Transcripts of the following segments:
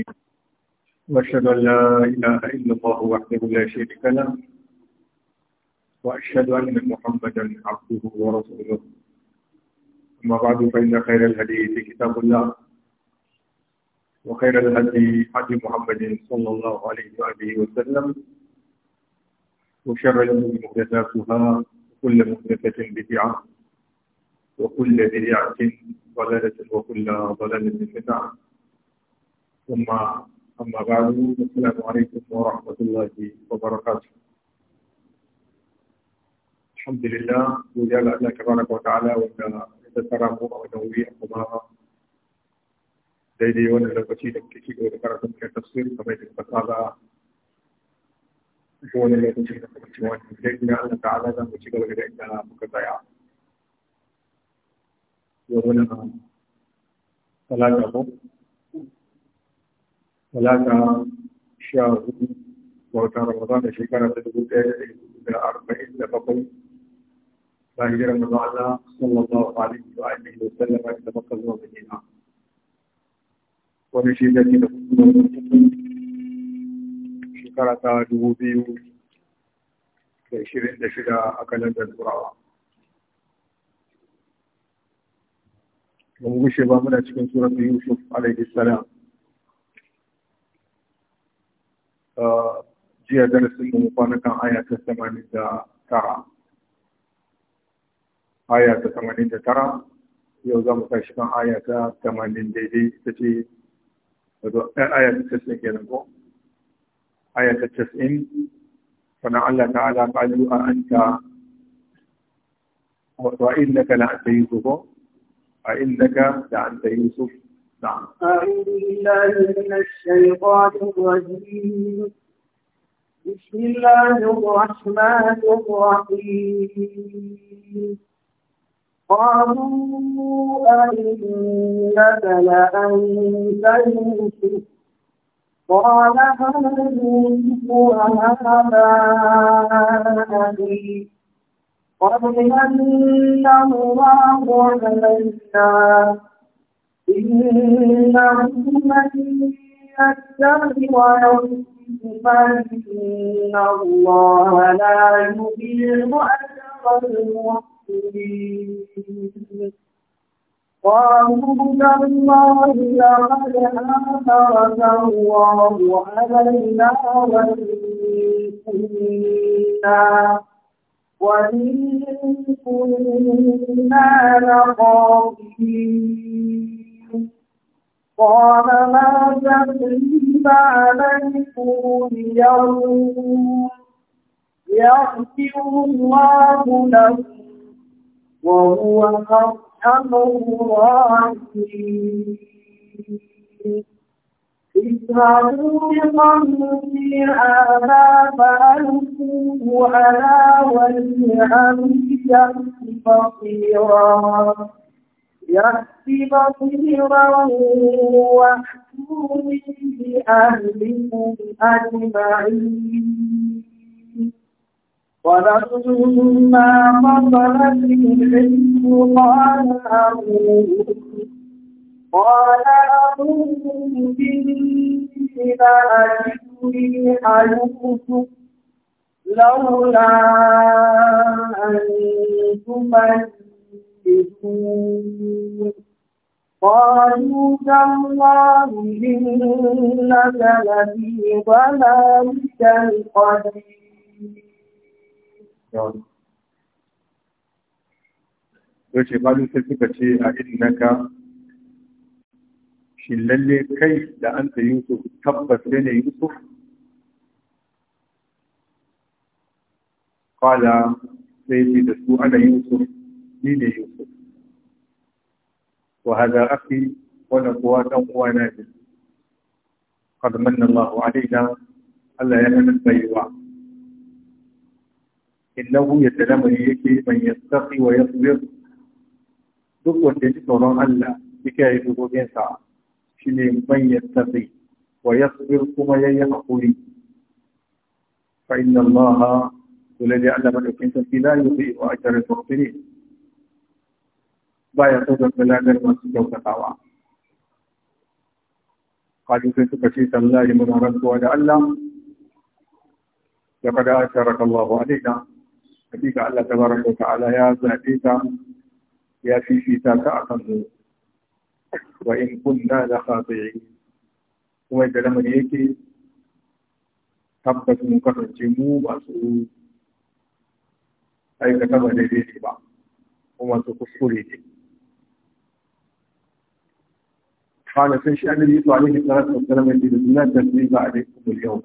العالمين وأشهد أن لا إله إلا الله وحده لا شريك له وأشهد أن محمدا عبده ورسوله أما بعد فإن خير الهدي كتاب الله وخير الهدي هدي محمد صلى الله عليه وآله وسلم وشر الأمور محدثاتها وكل محدثة بدعة وكل بدعة ضلالة وكل ضلالة في ثم أما بعد السلام عليكم ورحمة الله وبركاته الحمد لله وجل الله تبارك وتعالى وجل السلام ونوي أقوى دايدي وانا لو بسيطة كيكي وذكرتم كتفسير فبيت البساطة وانا لو بسيطة كيكي وانا بسيطة الله تعالى ذا مجيطة لغيرنا مكتايا وانا ثلاثة talata sha hudu ga watan ramadan da shekara ta dubu ɗaya da arba'in da bakwai ba hijiran da Allah sallallahu alaihi wa alihi wa sallama da makka zuwa madina wani shi da ke da hukumar shekara ta dubu biyu da ishirin da shida a kalandar turawa mun gushe ba muna cikin surat yusuf alaihi salam jiya darasin mu kwana kan aya ta 89 aya ta 89 yau za mu tashi kan aya ta 80 daidai ita ce wato eh, aya ta 90 nan ko aya ta 90 sannan Allah ta'ala qalu a anta wa innaka la yusuf a innaka la yusuf أعوذ بالله من الشيطان الرجيم بسم الله الرحمن الرحيم قالوا أئنك لأنت يوسف قال هل يوسف وهذا أبي قد من الله علينا إنه من يتق ويصدق فإن الله لا يضيع أجر المحسنين قالوا تالله لقد آثرك الله علينا وإن وإن كنا لخاطئين قال ما تقريب عليكم اليوم يغفر الله لكم وهو أرحم الراحمين اذهبوا بقلبي هذا فألقوه على وجه أبي بصيرا يكسب خيرا واحسون بأهلكم أجمعين ولما فصلت العلم قال أبوه قال أبوه إني لأجد حيوكم لولا أن تمنوا يفسدون قالوا تالله إنك لفي ضلالك yaushe sai suka ce a naka shi lalle kai da an ta su tabbas ne yusuf kwala sai da su ana yusuf ni ne Yusuf wa hada akhi wannan kuwa dan uwana ne qad manna Allahu Alayna Allah ya nuna baiwa innahu yatalamani yake man yattaqi wa yasbir duk wanda ya tsoron Allah yake yi dokokin sa shine man yattaqi wa yasbir kuma yayi hakuri fa inna Allah ولذي علم الإنسان لا يضيء أجر المحسنين baya so ga balagar masu kyautatawa kaji sai suka ce tallahi muna rantsuwa da Allah da kada a sharaka Allah hakika Allah tabaraka ta'ala ya zabe ta ya fifita ta akan mu wa in kunna la khati'in kuma da lamari yake tabbas mun kasance mu ba su aikata ba daidai ba kuma su kuskure ne قال في النبي صلى الله عليه الصلاة والسلام يقول لا تسريب عليكم اليوم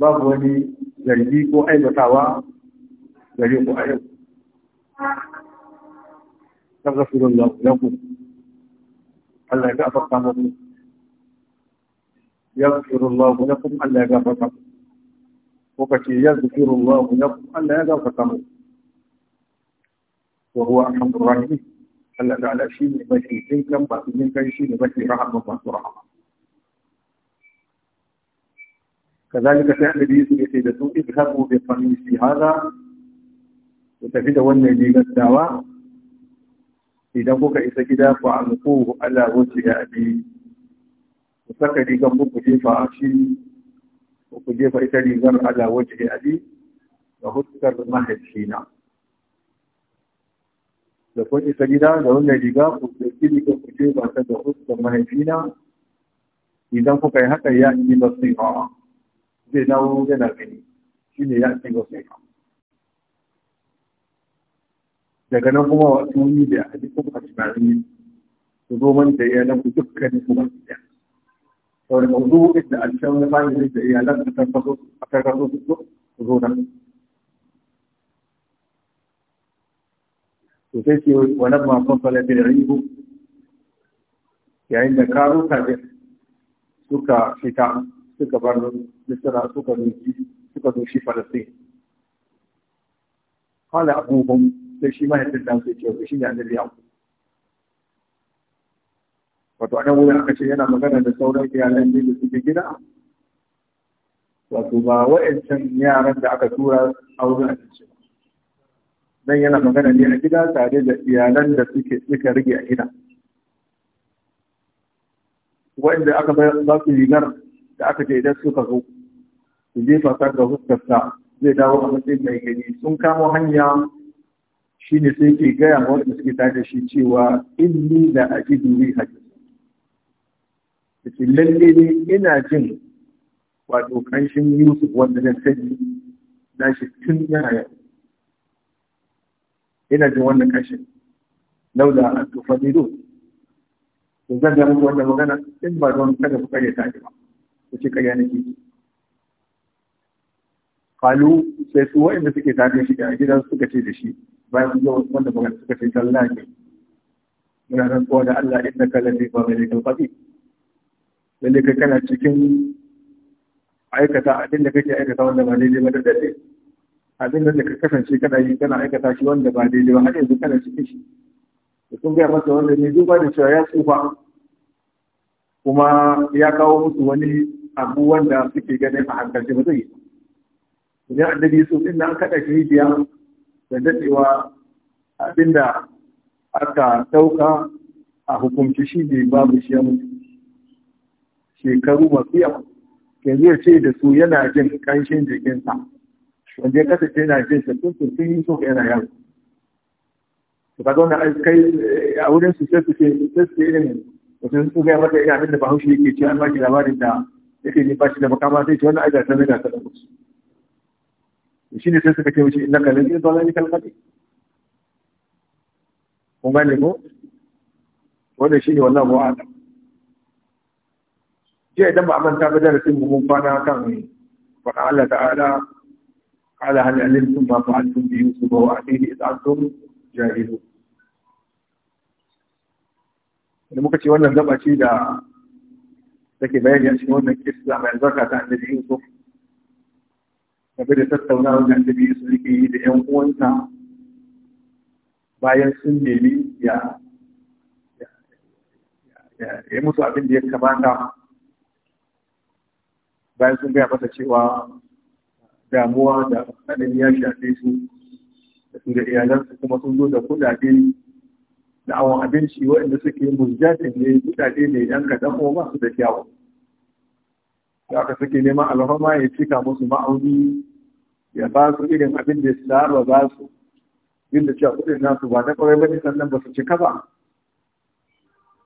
باب ولي زيديك أي بطاوة زيديك أي تغفر الله لكم ألا يغفر الله يغفر الله لكم ألا يغفر الله وكي يذكر الله لكم ألا يغفر الله وهو أحمد الرحيم Allah ta'ala shi ne mafi jin kan masu jin kan shi ne mafi rahama masu rahama kazalika sai annabi Yusuf ya ce da su idhabu bi shi hada ku tafi da wannan ne gaddawa idan kuka isa gida ku alquhu ala wajhi abi ku saka rigar ku ku jefa a shi ku jefa ita rigar ala wajhi abi ga huskar mahaifina da kun isa gida da wannan riga ku ɗauki riga ku ce ba ta da fuskar mahaifina idan kuka yi haka ya ci ba sai hawa zai dawo yana gani shi ne ya ci ba sai hawa daga nan kuma wa tuni da a cikin fasirari su zo man da iyalan ku dukkan ku ba su ɗaya saboda mawdu'in da alshan wani da iyalan ku ta kaso su zo nan Sosai sai ce wani ma fasala da ko, yayin da karuka da suka fita suka bar nisira suka doki suka doshi farasai Hala abubuwan sai shi mahaifin dan sai ce shi ne annabi yaku wato anan wuri aka ce yana magana da sauran iyalan da suke gida wato ba wa'ancan yaran da aka tura a wurin abinci ba nan yana magana ne a gida tare da iyalan da suke suka rage a gida wanda aka ba su rigar da aka je idan suka zo su jefa ga huskarsa zai dawo a matsayin mai gani sun kama hanya shi ne sai ke gaya ma wanda suke tare da shi cewa inni da a duri haji da lalle ne ina jin wato kanshin yusuf wanda zan sani na shi tun yana yau ina jin wannan kashin laula an tufadilu to zan ga muku wannan magana in ba don kada ku kare ta ji ba ku ce kare nake kalu sai su wa'anda suke tafiya shi a gidan suka ce da shi bayan sun zo wanda magana suka ce tallahi muna rantsuwa da Allah inna ka lafi ba mai da kafi lalle kai kana cikin aikata abin da kake aikata wanda ba daidai ba da daidai abin da ka kasance kana yi kana aikata shi wanda ba daidai ba har yanzu kana cikin shi da sun gaya masa wanda ne duba da cewa ya tsufa kuma ya kawo musu wani abu wanda suke ganin a hankali, ba zai yi annabi su din an kada shi biya da dadewa abinda aka sauka a hukunci shi ne babu shi ya shekaru masu yawa yanzu ya ce da su yana jin kanshin jikinsa wanda ya kasance yana jin shakkun sun yi so yana yaro to kaga wannan kai eh, a wurin su sai su ce sai su ce irin mutum su gaya mata irin abin da bahaushe yake ce an baki labarin da yake ne shi da makama sai ce wannan aja ta mai da ta dauko shi ne sai suka ce wuce innaka lan yin dalali kalqati kun gane ko wannan ne wannan mu'ada jiya idan ba a manta ba darasin mu mun kwana kan faɗa Allah ta'ala قال هل علمتم ما فعلتم بيوسف وأخيه إذ أنتم جاهلون da muka ce wannan gaba ce da take bayani a cikin wannan kisa mai zarka ta annabi Yusuf game da tattaunawa da annabi Yusuf yake yi da ƴan uwansa bayan sun nemi ya ya musu abin da ya kamata bayan sun gaya masa cewa damuwa da hadari ya shafe su da su da iyalansu kuma sun zo da kudade da awon abinci waɗanda suke muzjatin ne kudade ne yan kaɗan kuma ba su da kyawu da aka suke neman alhama ya cika musu ma'auni ya ba su irin abin da ya ba su yin da cewa kudin nasu ba na kwarai ba ne sannan ba su cika ba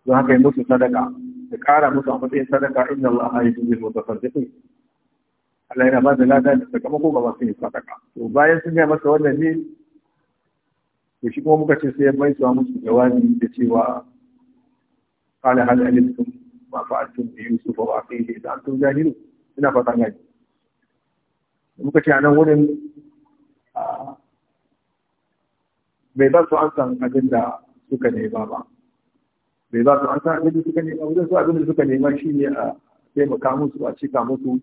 don haka yi musu sadaka da ƙara musu a matsayin sadaka inda Allah ya yi jirgin musu tafarjiƙi Allah yana ba da lada da sakamako ga masu yin sadaka to bayan sun yi masa wannan ne to shi kuma muka ce sai ya bai zuwa musu jawabi da cewa qala hal alimtum ma fa'altum bi yusuf wa aqihi da antum jahilun ina fata gani muka ce a nan wurin bai ba su an san abin da suka nema ba bai ba su an san abin da suka nema wajen su abin da suka nema shi ne a taimaka musu a cika musu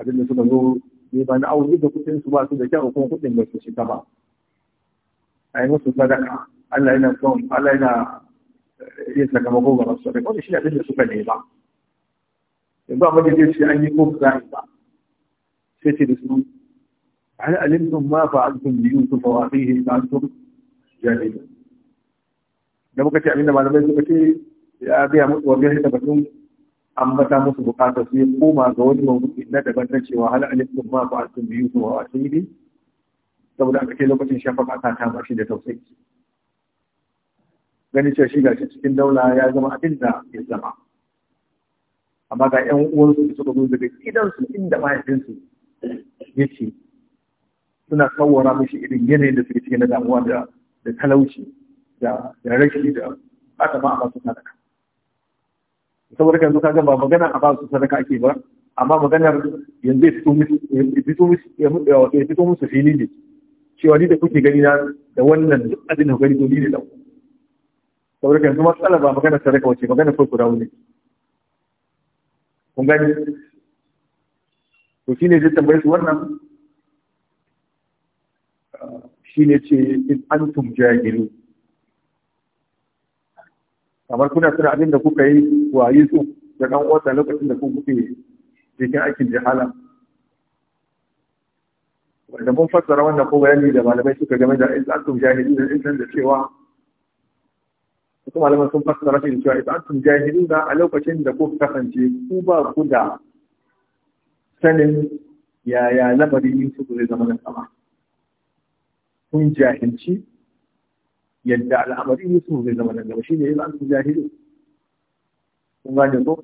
abinda suka zo ne ba na auri da kuɗin su ba su da kyau kuma kuɗin da su shiga ba a yi musu sadaka Allah yana son Allah yana eh, yin sakamako ga masu sadaka wani shi ne abinda suka nema yanzu a madadin shi an yi ko yi ba sai ce da su هل علمتم ما فعلتم بيوسف واخيه ان a fiye da muka ce abinda malamai suka ce ya biya mutuwar wajen da batun An bata musu bukatar su ya koma ga wani mawuyi na daban na cewa hal alifin ma ba sun biyu zuwa wa sun yi saboda aka ce lokacin shafa ta kama shi da tausayi gani cewa shi gashi cikin daula ya zama abin da ya zama amma ga 'yan uwansu da suka zo daga gidansu inda mahaifinsu yake suna kawara mishi irin yanayin da suke cikin na damuwa da talauci da rashi da aka ma a masu sadaka saboda yanzu kaga ba magana a ba su sadaka ake ba amma maganar yanzu ya fito musu fili ne cewa ni da kuke gani na da wannan duk abin da gani to ni ne da saboda yanzu matsala ba magana sadaka wace magana ko ku dawo ne kun gani to shine zai tambaye su wannan shine ce in antum jahilu kamar kuna suna abin da kuka yi wa su da ɗan uwansa lokacin da kuka kuke cikin aikin jihala wanda mun fassara wannan ko bayani da malamai suka game da in antum da in da cewa kuma malamai sun fassara shi da cewa in antum da a lokacin da kuka kasance ku ba ku da sanin yaya lamarin su zai zama na sama kun jahilci yadda al'amari Yusuf zai zama nan gaba shi ne yin an jahili kun gane ko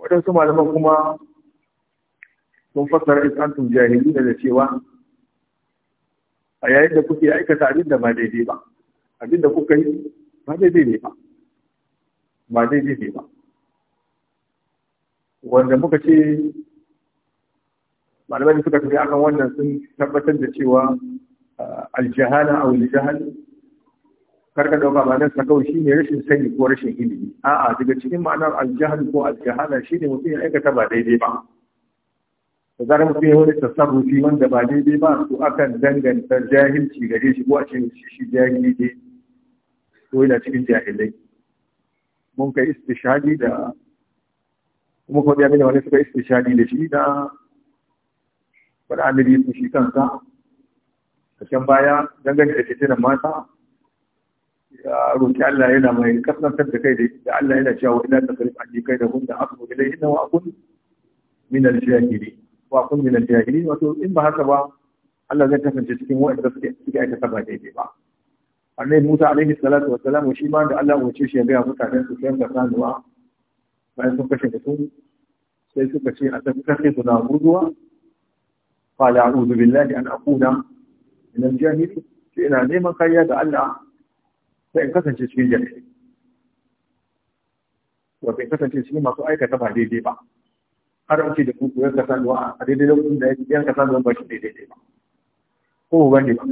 waɗansu malaman kuma sun fassara is antum jahili da cewa a yayin da kuke aikata abin da ba daidai ba abin da kuka yi ba daidai ne ba ba daidai ne ba wanda muka ce malamai suka tafi akan wannan sun tabbatar da cewa aljihala a waljihal karka dauka ba nan sakau shi ne rashin sani ko rashin ilimi a'a daga cikin ma'anar aljihali ko aljihala shi ne mutum ya aikata ba daidai ba da zarar mutum ya wani tasarrufi wanda ba daidai ba to akan danganta jahilci gare shi ko a cikin shi jahili ne ko yana cikin jahilai mun kai istishadi da kuma kuma ya da wani suka istishadi da shi da wani annabi shi kansa a can baya dangane da fitinan mata ya roƙi Allah yana mai kasantar da kai da Allah yana cewa ina tasarif an kai da hunda, da asu ilai inna wa kun min al-jahili wa kun min al-jahili wato in ba haka ba Allah zai kasance cikin waɗanda suke suke aikata ba daidai ba annabi Musa alaihi salatu wassalam shi ma da Allah wuce shi ya ga mutanen su sai da sanuwa bayan sun kashe mutum sai suka ce a tafi kashe su na guduwa qala a'udhu billahi an aqula min jahili sai ina neman kariya ga Allah sai in kasance cikin jahili wato in kasance cikin masu aikata ba daidai ba har an da kuku yanka sanuwa a daidai lokacin da yanka sanuwa ba shi daidai ba ko ba ne ba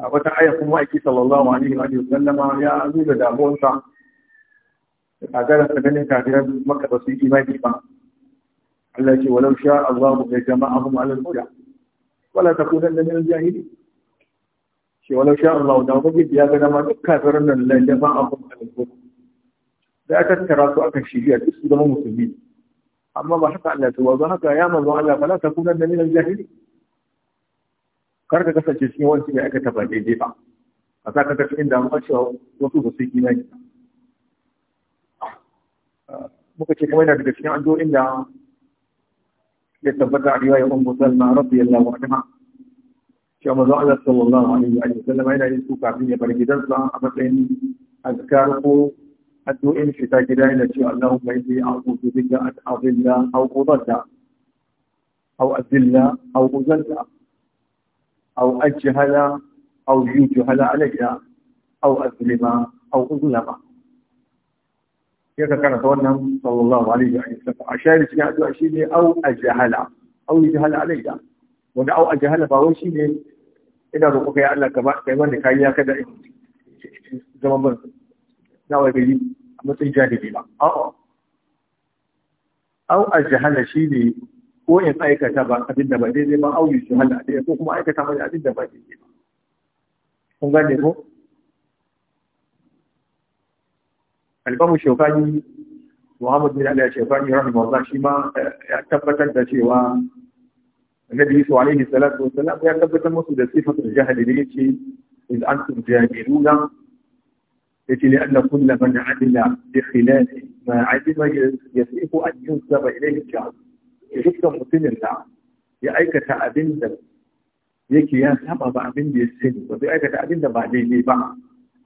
a wata aya kuma aiki sallallahu alaihi wa sallam ya da damuwarsa a garin sa ganin kafirar maka su yi imani ba Allah ce walau sha Allah ya jama'ahum ala al-huda wala takunanna minal jahilin shi wala sha Allah da kuma ya ga dama duk كافرن nan la da ban abun alƙur da aka tattara su aka shirya duk su zama musulmi amma ba haka Allah يا wazo haka ya manzo Allah fala takunanna minal kasance cikin wancan da aka taba daidai ba a sa ka cikin inda cewa wasu ba su yi muka ce kuma yana daga cikin addu'o'in da ya tabbata a yi ummu salma radiyallahu anha cewa manzo Allah sallallahu alaihi wa sallam yana yin su kafin ya bar gidansa a matsayin azkar ko addu'in shi ta gida yana cewa Allahumma inni a'udhu bika an a aw udalla aw adilla aw udalla aw ajhala aw yujhala alayya aw azlima aw udlama sai ka karanta wannan sallallahu alaihi wa sallam a shari cikin addu'a shine au ajhala au ajhala alayya wanda au ajhala ba wai shine ina roƙo kai Allah ka ba kai wanda kai ka da zama ban na wai gari a matsayin jahili ba a'a au ajhala shine ko in aikata ba abin da ba daidai ba au yushala alayya ko kuma aikata ba abin da ba daidai ba kun gane ko albamu shofani Muhammadu bin ali shofani rahimahullah shi ma eh, ya tabbatar da cewa annabi yusuf alaihi salatu wassalam ya tabbatar musu da sifatul jahli da yace إذ أنتم جاهلون يجي لأن كل من عمل بخلاف ما علم يسيف aikata abin da yake ya saba الله يا أيك تعبين يكي يا سبب أبين بالسن وبأيك تعبين بعدين ba.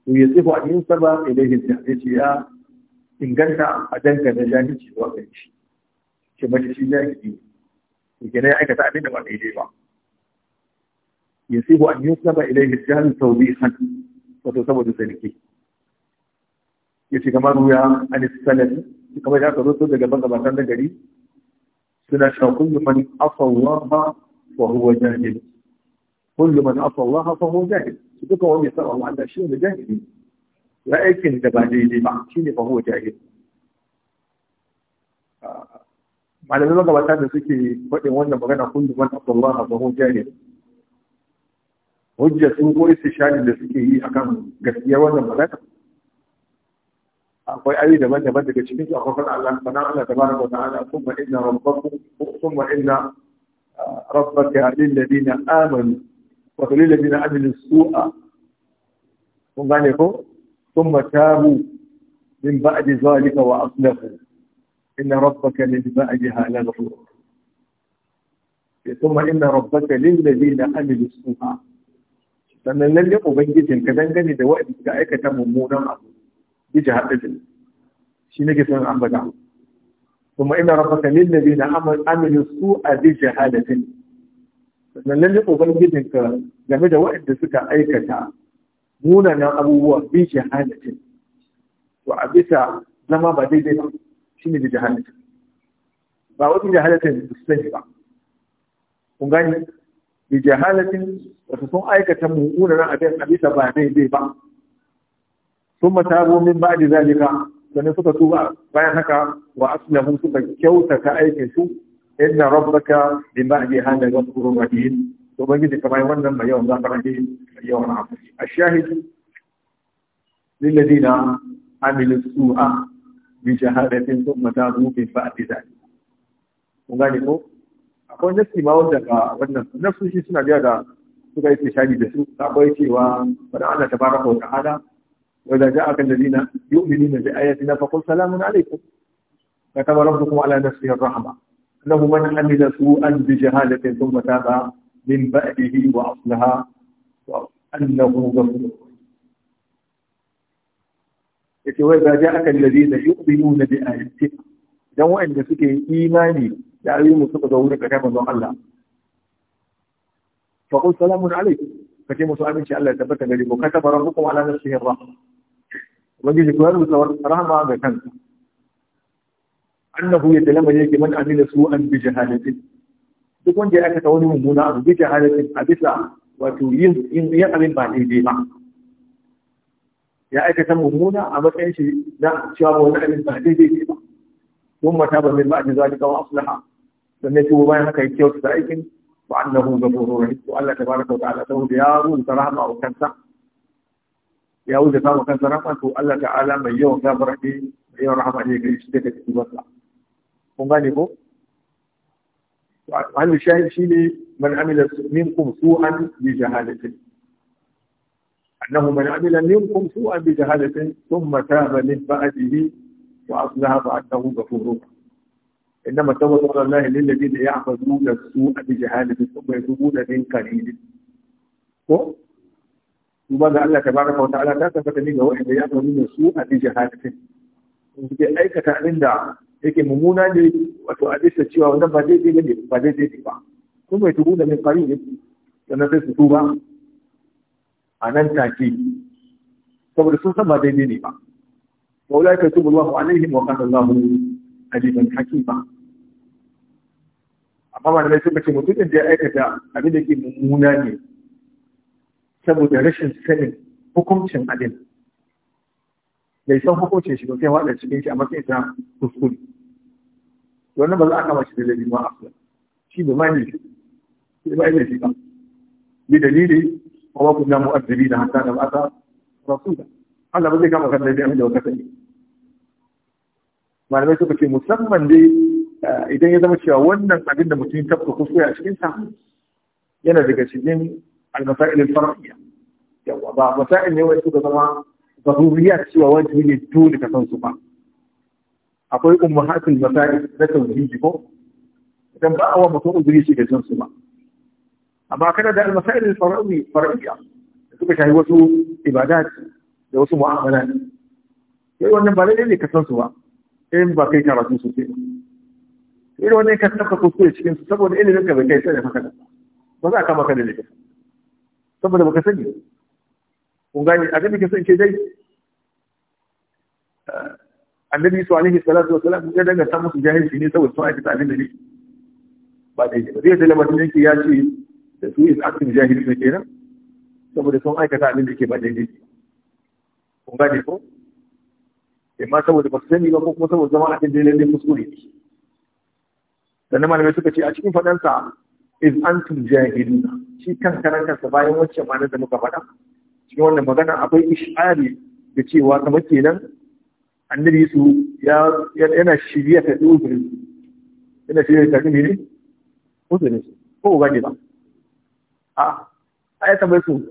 ويصيب أن ينسب إليه ya inganta a dangane أدنك نجاهد شيء shi. shi mace shi jahili ne kenan ya aikata abin da ba daidai ba ya sai ko an saba ilaihi jahan tawbihan wato saboda sarki ya ce kamar ruya an salami kamar da aka daga ban da gari suna huwa huwa duka wani saba wa Allah shi ne jahili ya aikin da ba daidai ba shi ne fahimta jahili malamai magabata da suke faɗin wannan magana kullum man Abdullahi ba huwa jahili hujja sun ko istishari da suke yi akan gaskiyar wannan magana akwai ayi daban-daban daga cikin su akwai Allah sana Allah tabaraka wa ta'ala kuma inna rabbakum kuma inna rabbaka alladhina amanu wato lillabi na amilin su'a kun gane ko sun matabu min ba'adi zalika wa aslahu inna rabbaka min ba'diha la ghafur ثم إن ربك للذين عملوا السوء sannan lalle ubangijin ka dangane da wa'adi ka aikata mummunan abu biji haɗin shi nake son an bada kuma ina rabbaka lil ladina amilu su'a bi jahalatin lallai ubangijinka game da waɗanda suka aikata munanan abubuwa bi jahalatin to a bisa zama ba daidai ba ne da jahalatin ba wata jahalatin da su sani ba kun gani bi jahalatin wasu sun aikata munanan abin a bisa ba daidai ba sun matabo min ba da zalika sannan suka tuba bayan haka wa aslahu suka kyautata aikin su inna rabbaka bi ba'di hadha ghafurur rahim to ubangiji kamar wannan mai yawan zafara ne mai yawan afushi ashahid lil ladina amilu su'a bi shahadatin thumma tabu bi ba'di dhalik kun gane ko akwai nasi ma wanda ga wannan nasu shi suna biya da suka yi tishari da su akwai cewa bada Allah tabaraka wa ta'ala وإذا جاءك الذين يؤمنون بآياتنا فقل سلام عليكم كتب ربكم على نفسه الرحمة له من عمل سوءا بجهالة ثم تاب من بعده وأصلها وأنه غفور yake wai ga ja aka lalazi da yu'minu na bi ayati dan wa'anda suke imani da ayyukan suka zo wurin kaga manzon Allah fa qul salamun alaykum kace musu aminci Allah ya tabbata gare ku kataba rabbukum ala nafsihi rahma wajin ku har mutsawar rahma ga kansa أنه يتلم عليك من أمين سوءا بجهالة تكون جاءك توني من هنا بجهالة أبسا وتوين إن يأمن بعدي بيما جاءك تمو هنا أما تنشي لا شابه من أمين بعدي بيما ثم تاب من بعد ذلك وأصلح لن يتوب بيما كي تيوت سائكين وأنه غفور رحيم وألا تبارك وتعالى تهو ديارو لترحمة أو كنسة يا ولد تابو كنسة رحمة وألا تعالى من يوم كابرحيم يا رحمة عليك الاشتكاك في الوصلة منغنبه وهل الشاهد شيني من عمل منكم سوءا بجهالة أنه من عمل منكم سوءا بجهالة ثم تاب من بعده وأصلها فأنه غفور إنما توضع الله للذين يعبدون السوء بجهالة ثم يتوبون من قريب ثم قال الله تبارك وتعالى لا تفتن منه وحده يعبد من السوء بجهالة أيك تعلم yake mummuna ne wato a bisa cewa wannan ba zai ba ne ba zai ne ba kuma mai tubu da mai fari ne sannan sai su tuba a nan take saboda sun san ba zai ne ba wa ulai ka tubu Allahu alaihim wa kana Allahu aliman hakima amma malamai suka ce ɗin da ya aikata abin da ke mummuna ne saboda rashin sanin hukuncin abin bai san hukuncin shi ba sai waɗanda cikin shi a matsayin ta kuskure wannan ba za a kama shi da laifi ma aslan shi bai ma laifi shi bai ma laifi ba Ni dalili wa ma kunna mu'azzibina hatta nab'atha rasula Allah ba zai kama kan laifi abin da wata kai malamai suka ce musamman dai eh, idan ya zama cewa wannan abin da mutum tafka kuskure a cikin sa yana daga cikin al-masail al-far'iyya yawa ba masail ne wai suka zama zaruriyat cewa wani ne dole ka san su ba akwai ummahatul masail da tauhidi ko Idan ba a wa mutum uzuri shi da jin su ba amma kana da al-masail al farawiya da suka shafi wasu ibadat da wasu mu'amala sai wannan ba lalle ne ka san su ba sai ba kai karatu sosai ba sai wannan ka saka kuskure cikin su saboda ilimin ka bai kai sai da haka ba za ka maka da lalle saboda baka sani kun gane a ga ke san ke dai annabi su alaihi salatu wa salam ya daga ta musu jahilci ne saboda sun aikata abin da ne ba daidai ba zai da labarin yake ya ce da su is akin jahil ne kenan saboda sun aikata abin da ke ba daidai kun gane ko amma saboda ba su sani ba ko kuma saboda zama akan daidai ne kuskure sannan malamai suka ce a cikin faɗansa is antum jahilun shi kan karan kansa bayan wacce ma'anar da muka faɗa cikin wannan magana akwai ishari da cewa kamar kenan annabi su yana shirya ta ɗin uzurin yana shirya ta ɗin ne uzuri su ko ba ne ba a a ya tambaye su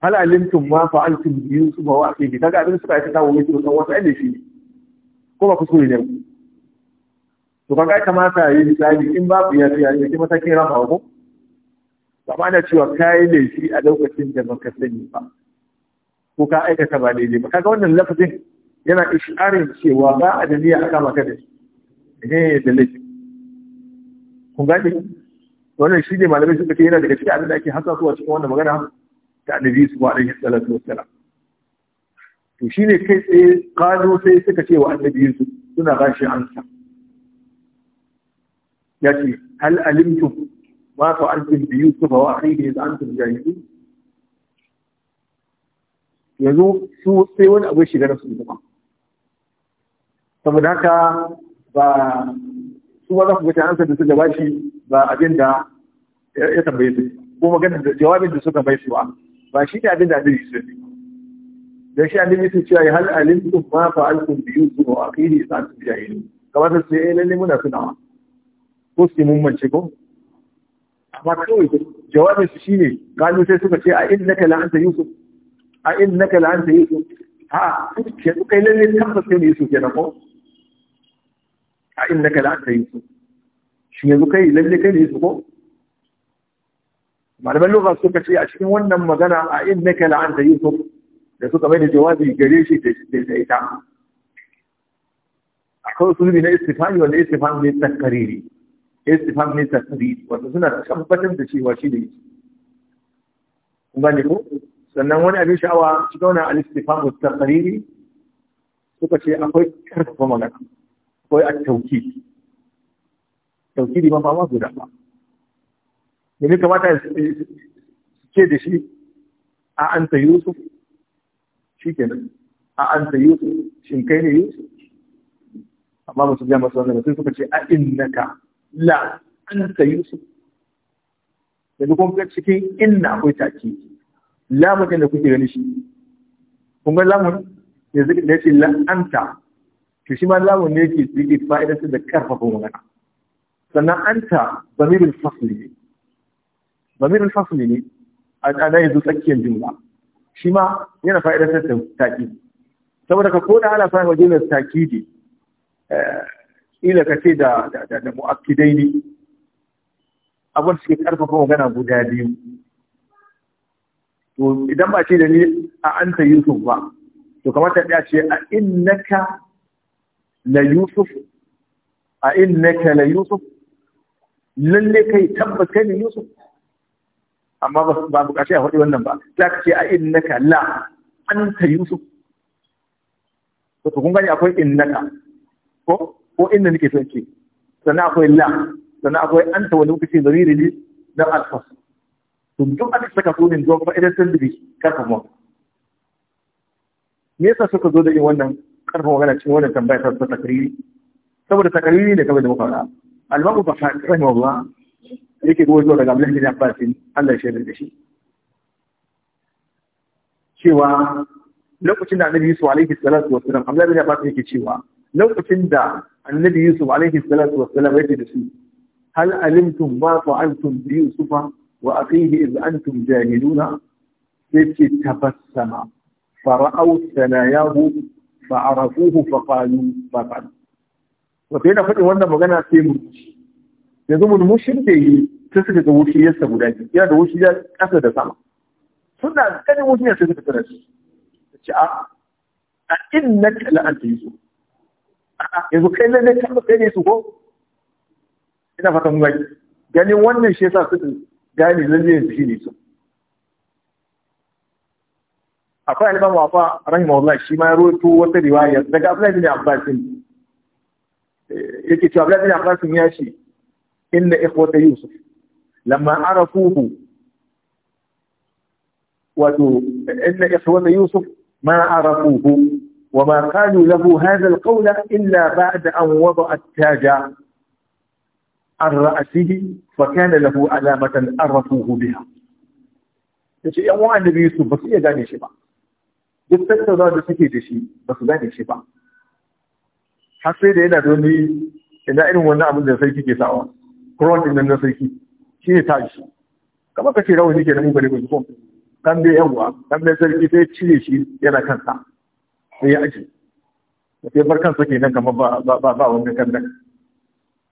hal alimtum ma fa'altum bi yusuf wa akhihi kaga abin suka yi ta wa su kan wata ne shi ko ba kuskure ne to kaga ma kamata yi misali in babu ya fiya ne kuma take ba ko ma ana cewa yi laifi a lokacin da baka sani ba ko ka aikata ba daidai ba kaga wannan lafazin yana isharin cewa ba a da niyya aka maka da shi ne da laifi kun gaɗi wannan shi ne malamai suka ce yana daga cikin abin da ake hasa su a cikin wannan magana ta annabi su ba alaihi salatu wassalam to shi ne kai tsaye kano sai suka ce wa annabi su suna ba shi amsa ya ce hal alimtum ma fa'altum bi yusuf wa da an antum jahilun yanzu su sai wani abu shiga na su kuma saboda haka ba su ba za ku ga ansa da suka bashi ba abin da ya tambaye su ko magana da jawabin da suka bai su ba ba shi ne abin da abin su ne da shi annabi su cewa hal alimtum ma fa'altum bi yusuf wa akhihi sa su jahili kamar da su yi eh, lalle muna tunawa ko su mun mance ko amma kawai jawabin su shine kalu sai suka ce a innaka la anta yusuf a innaka la anta yusuf ha suka ce kai lalle tabbas kai ne yusuf kenan ko a inda ka la'aka yi su shi yanzu kai lalle kai ne su ko malaman lura suka ce a cikin wannan magana a inda ka la'anta yusuf da suka mai da jawabi gare shi da ita akwai usulubi na istifani wanda istifani ne takariri istifani ne takariri wanda suna tabbatar da cewa shi ne yusuf ne gane ko sannan wani abin sha'awa cikin wani alistifani istifani takariri suka ce akwai karfafa magana akwai at tauki tawkidi ma ba ma guda ba ne ne kamata ce da shi a ta yusuf shikenan a ta yusuf shin kai ne yusuf amma ba su gaya masu wannan sai suka ce a innaka la ta yusuf yanzu kuma cikin inna akwai taki lamun da kuke gani shi kun ga lamun yanzu da yace la ta. to shi ma lamun ne ke yake fa'idarsa da karfafa magana sannan an ta zamirin fasli ne zamirin fasli ne a ana yanzu tsakiyar jumla shi ma yana fa'idarsa da taƙi. saboda ka koda ana waje na taƙi ne eh, ila ka ce da da mu'akkidai ne abin suke karfafa magana guda biyu to idan ba ce da ni a an yi yusuf ba to kamata ya ce a innaka la yusuf a innaka la yusuf lalle kai tabbas kai yusuf amma ba bukaci a faɗi wannan ba za ka ce a innaka la anta yusuf to kun gani akwai innaka ko ko inda nake son ce sannan akwai la sannan akwai anta wani lokaci zariri ne na alfas to duk aka saka sunan zuwa fa'idatar da bi karfa mu me yasa suka zo da yin wannan karfa gana cewa da tambaya ta ta takriri saboda takriri ne kamar da muka faɗa al-imamu bukhari rahimahullah yake goyi zuwa daga Abdullahi bin Abbas Allah ya shaida da shi cewa lokacin da Annabi Yusuf alaihi salatu wassalam Abdullahi bin Abbas yake cewa lokacin da Annabi Yusuf alaihi salatu wassalam yake da su hal alimtum ma fa'altum bi Yusuf wa akhihi iz antum jahiluna yake tabassama fara'au sanayahu ba a rafuhu fa qalu ba qalu wato yana faɗin wannan magana sai murmushi yanzu murmushin da yi sai suka ga wuciyarsa guda biyu yana da wuciyar ƙasa da sama suna ganin wuciyar sai suka tsara shi ta ce a a inna la'anta yusu a yanzu kai lalle kan kai ne su ko ina fatan gani ganin wannan shi yasa suka gane lalle yanzu shi ne su akwai alimamu a fa allah shi ma ya roto wata riwaya daga abdullahi bin abbasin yake cewa abdullahi bin abbasin ya ce inna ikhwata yusuf lamma arafuhu wato inna ikhwata yusuf ma arafuhu وما قالوا له هذا القول إلا بعد أن وضع التاج عن رأسه فكان له علامة عرفوه بها yace yan uwan annabi Yusuf ba su iya gane shi ba duk tattaunawa da suke da shi ba su gane shi ba har sai da yana da wani ina irin wannan abin da sarki ke sawa kuron din nan na sarki shi ne tashi kama ka ce rawani ke na mugare su ko kan dai yawwa kan dai sarki sai cire shi yana kansa sai ya aji. da sai bar kansa nan kamar ba ba ba kan nan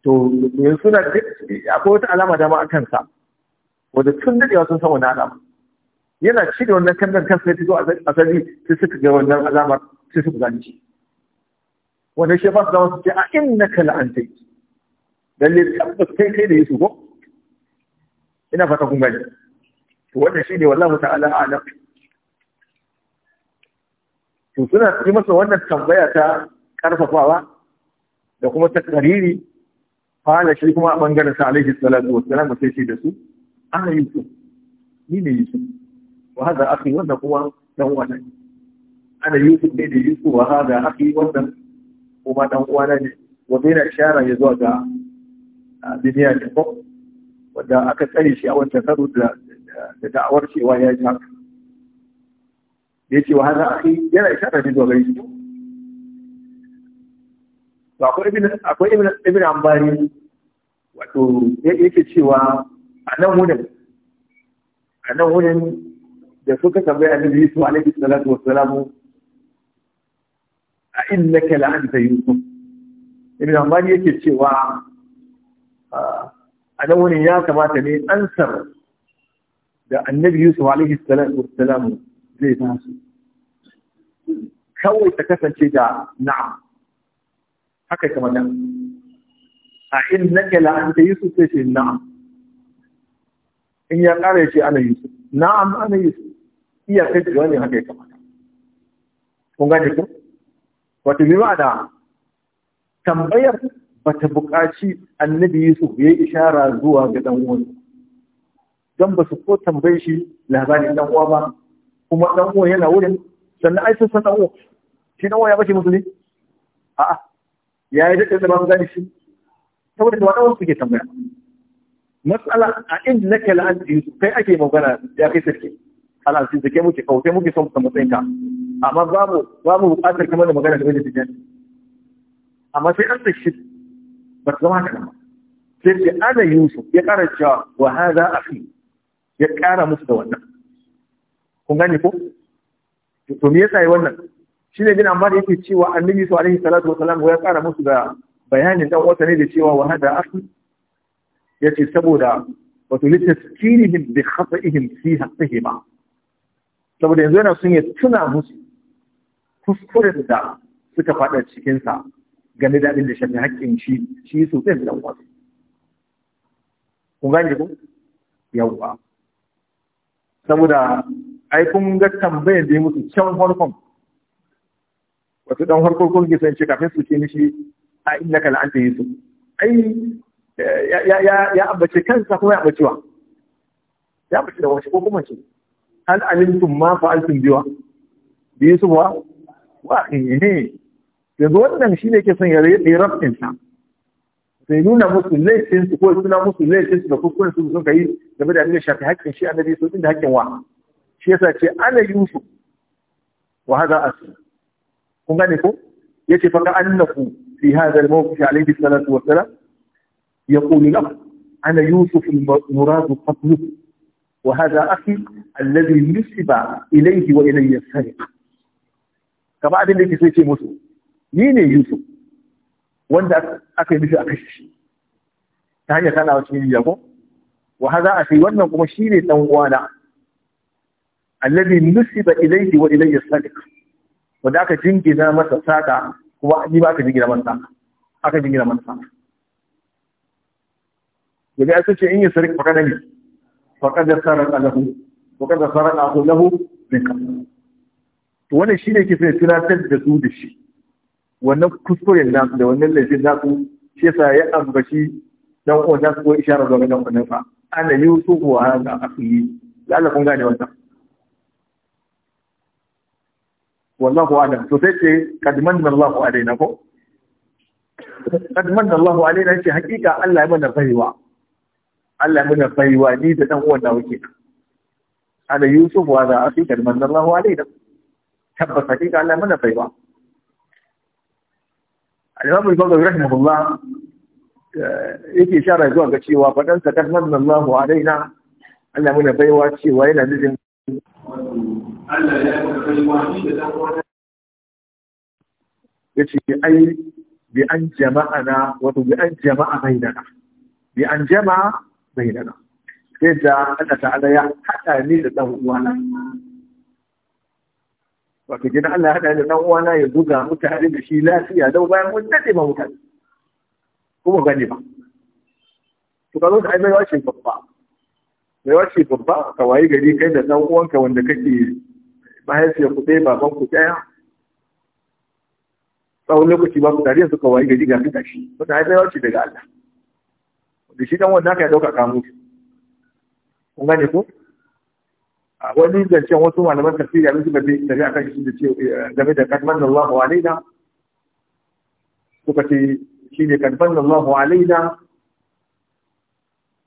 to yanzu suna akwai wata alama dama a kansa wadda tun daɗewa sun san wani alama yana cire wannan kandar kan ya fito a sani sai suka ga wannan alamar sai suka gani shi wannan shi ba su zama su ce a innaka la'antai lalle tabbas kai kai da Yesu ko ina fata kun gani to wannan ne wallahi ta'ala alam to suna yi masa wannan tambaya ta karfafawa da kuma ta kariri fara shi kuma a bangaren sa alaihi salatu wassalam sai shi da su ana su ni ne yusuf وهذا أخي وهذا هو دوانا أنا يوسف بيدي يوسف وهذا أخي وهذا وما دوانا وبين إشارة يزوى يزوج دنيا الحب ودا أكثر شيء أو تفرد لدعوار شيء وهي جاك يجي وهذا أخي يلا إشارة يزوج يوسف akwai ابن ibn ambari wato yake cewa a nan wurin هنا nan wurin da ka tambaya annabi Yusuf alaihi salatu wassalamu a innaka la anta Yusuf ibn Abbas yake cewa a nan wani ya kamata ne ansar da annabi Yusuf alaihi salatu wassalamu zai tasu kawai ta kasance da na'am haka kamar nan a innaka la anta Yusuf sai ce na'am in ya kare ce ana Yusuf na'am ana Yusuf iyakar wani haka ya kamata kun gane ku wato bi ma'ana tambayar ba ta buƙaci annabi Yusuf ya yi ishara zuwa ga dan uwan dan ba su ko tambaye shi labarin dan uwa ba kuma dan uwan yana wurin sannan ai sun san dan uwa. shi dan uwa ya bace musu ne a'a ya yi daɗe da ba su shi saboda da wadansu suke tambaya matsala a inda nake an Yusuf kai ake magana ya kai sarki ana cin take muke kawo sai muke son mu matsayin ka amma babu babu bukatar buƙatar kamar da magana da wani tijan amma sai an tashi ba zama haka ba sai ce ana yusuf ya ƙara cewa wa hada akhi ya ƙara musu da wannan kun gane ko to me yasa yi wannan shi ne bin amma da yake cewa annabi su alaihi salatu wa salam ya kara musu da bayanin dan wata ne da cewa wa hada asu yace saboda wato litaskirihim bi khata'ihim fi ba. saboda yanzu yana sun yi tuna musu kuskure da suka faɗa cikinsa game da abin da shafi haƙƙin shi shi su ɗin da wasu kun gani ku yawwa saboda ai kun ga tambayar da ya musu can farkon wasu ɗan farkon kun gisa ce kafin su ce shi, a inda kala an ta yi su ai ya ambace kansa kuma ya ambace wa ya ambace da wasu ko kuma ce hal alimtum ma fa'altum biwa bi suwa wa wa ne yanzu wannan shine yake son yare yi rafin sa sai nuna musu laifin su ko suna musu laifin su da kuskuren su sun kai game da abin da shafi haƙƙin shi annabi so da haƙƙin wa shi yasa ce ana yusuf wa hada asu kun gane ko yace fa ka annaku fi hadha al-mawqif alayhi salatu wa salam yaqulu lakum ana yusuf al-murad qatluhu وهذا أخي الذي نسب إليه وإليه السرق كما أدن لك سيتي موسو مين يوسف وانت أكي مثل أكشش تهاني كان أشيني يقول وهذا أخي وانا قمشيني تنوانا الذي نسب إليه وإليه السرق وذاك جنجنا مسا ساكا هو وأني ما أكي جنجنا مسا ساكا أكي جنجنا مسا ساكا وذاك جنجنا مسا ساكا وذاك جنجنا مسا ساكا faƙada sarrafa lahu faƙada sarrafa lahu min Wani to wannan shi ne ke suna tunatar da su da shi wannan kuskuren da wannan laifin za su shi yasa ya ambaci dan uwan nasu ko isharar zuwa dan uwan nasu ana yusuf wa hada akhi lalla kun gane wannan wallahu a'lam to sai ce kad manna Allahu alaina ko kad manna Allahu alaina ce hakika Allah ya mana fahimwa Allah muna baiwa ni da dan uwan nawa kenan ana Yusuf wa za a fi Allah Allahu alaihi tabbas hakika Allah muna baiwa Al-Imam Al-Bukhari rahimahullah eh, yake shara zuwa ga cewa fadan sa Allah wa alaihi Allah muna baiwa cewa yana nufin Allah ya baiwa ni da dan uwan yace ai bi an jama'ana wato bi an jama'a bainana bi an jama'a bainana sai da Allah ta'ala ya haɗa ni da ɗan uwana wato gidan Allah ya haɗa ni da ɗan uwana ya buga mutane da shi lafiya don bayan mun daɗe ma mutane kuma gani ba to ka zo da ai wace babba mai wace babba ka wayi gari kai da ɗan uwanka wanda kake mahaifiyar ku ɗaya baban ku ɗaya tsawon lokaci ba ku tare suka wayi gari ga shi wata ai mai wace daga Allah da shi dan wanda ka dauka ka kamu kun gane ko a wani zancen wasu malaman tafsiri a suka bi tafi akan shi da ce eh, game da kadman Allahu alaina suka ce ne kadman Allahu alaina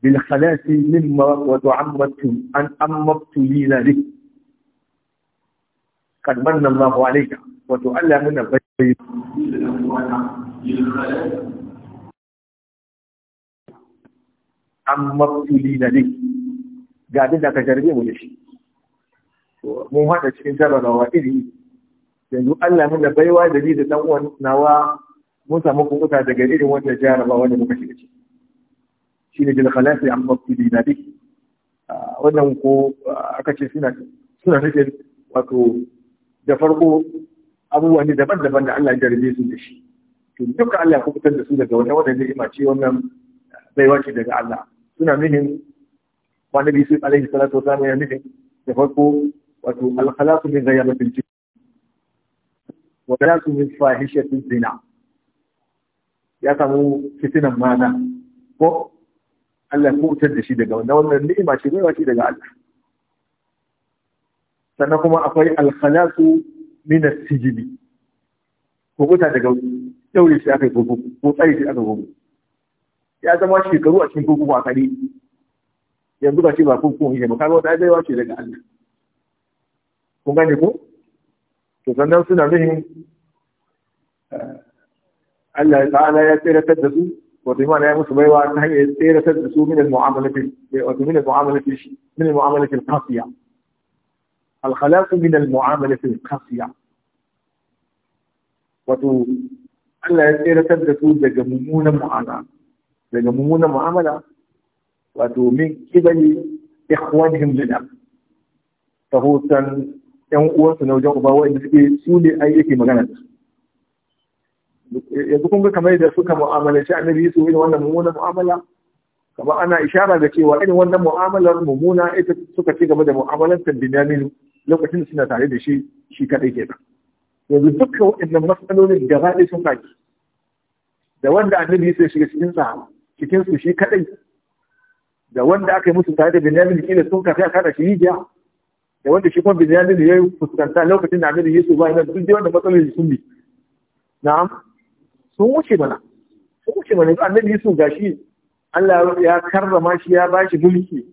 bil khalasi mimma wa tu'ammatu an ammatu li lik kadman Allahu alaika wato Allah muna bayyana an mafuli na ne ga abin da ka jarbe mu da shi mun haɗa cikin jarabawa iri yanzu Allah mun da baiwa da ni da dan uwan nawa mun samu kuɓuta daga irin wannan jarabawa da muka shiga ciki shi ne bil khalasi an mafuli na ne wannan ko aka ce suna suna nufin wato da farko abubuwa ne daban-daban da Allah ya jarbe su da shi to duka Allah ya kubutar da su daga wannan wannan ni'ima ce wannan baiwa ce daga Allah suna nufin wani bi su alaihi salatu wasallam ya nufin da farko wato al-khalaqu min ghayabatil jinn wa khalaqu min fahishatil zina ya samu fitinan mana ko Allah ko utar da shi daga wannan wannan ni'ima ce baiwa ce daga Allah sannan kuma akwai al-khalaqu min as-sijni kubuta daga daure shi aka yi ko tsari shi aka gogo ya zama shekaru a cikin kurkuku a kare yanzu ba ce ba kurkuku ne ba kaga wata baiwa ce daga Allah kun gane ko to sannan suna nuhin Allah ta'ala ya tsiratar da su wato imana ya musu baiwa ta hanyar tsiratar da su min al-mu'amalati wato min al-mu'amalati min al-mu'amalati al-qasiya al-khalas min al-mu'amalati al-qasiya wato Allah ya tsiratar da su daga mummunan mu'amala daga mummunan mu'amala wato min kibali ikhwanihim lillah ta yan uwansu na wajen uba inda suke su ne ai yake magana da su yanzu kun ga kamar da suka shi annabi su irin wannan mummunan mu'amala kamar ana ishara da cewa irin wannan mu'amalar mummuna ita suka ci gaba da mu'amalantar Binyamin lokacin da suna tare da shi shi kadai kenan yanzu dukkan waɗannan matsalolin da ɗaya sun faki, da wanda annabi sai shiga cikin sa cikin su shi kadai da wanda aka yi musu tare da Binyamin da sun a kada shi rijiya da wanda shi kuma Binyamin ya fuskanta lokacin da Aminu Yesu ba yana duk wanda matsalolin sun bi na'am sun wuce mana sun wuce mana Annabi Yesu gashi Allah ya karrama shi ya bashi mulki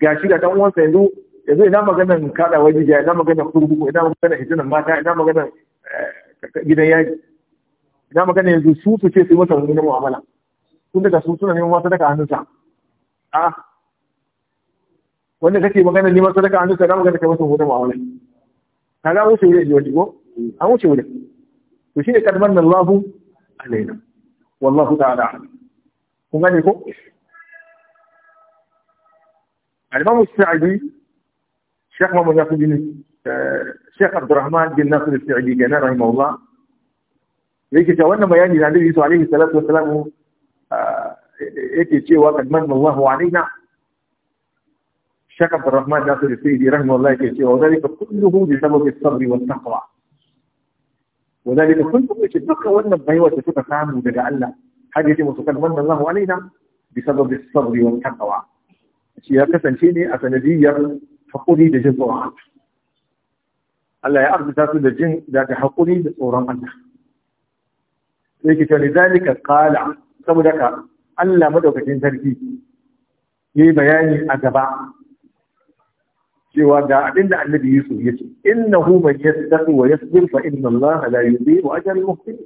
gashi da dan uwansa yanzu yanzu ina maganar kada wajiya ina maganar kurkuku ina maganar hijinan mata ina maganar eh, gidan yaji ina maganar yanzu su su ce su yi masa mummunan mu'amala sun daga su suna neman daga hannunsa a wanda kake magana neman sadaka hannunsa na magana kai masa hoton ba wani kaga wuce wurin jiwa jigo an wuce wurin to shine kadman nan Allahu alaina wallahu ta'ala kun gane ko al-Imam Sa'idi Sheikh Muhammad Yaqub bin eh, Sheikh Abdurrahman bin Nasir Sa'idi kana rahimahullah yake cewa wannan bayani da Annabi su alaihi salatu wassalamu yake cewa kad من الله علينا shaka Abdurrahman داخل Sayyidi rahimahullah yake cewa zalika kulluhu bi sababi sabri wat taqwa وذلك كنتم تتوقع وانا بهيوة تتوقع سامو دقاء الله هذه يتم من الله علينا بسبب الصبر والتقوى شيء كسن شيني أتنذير حقوني دجن طوران الله يا أرض ذات الجن ذات حقوني دجن طوران الله لذلك قال سمدك Allah madaukakin sarki yi bayani a gaba cewa ga abin da Annabi Yusuf ya ce innahu man yastaqi wa yasbir fa inna Allah la yudhi'u ajra al-muhsinin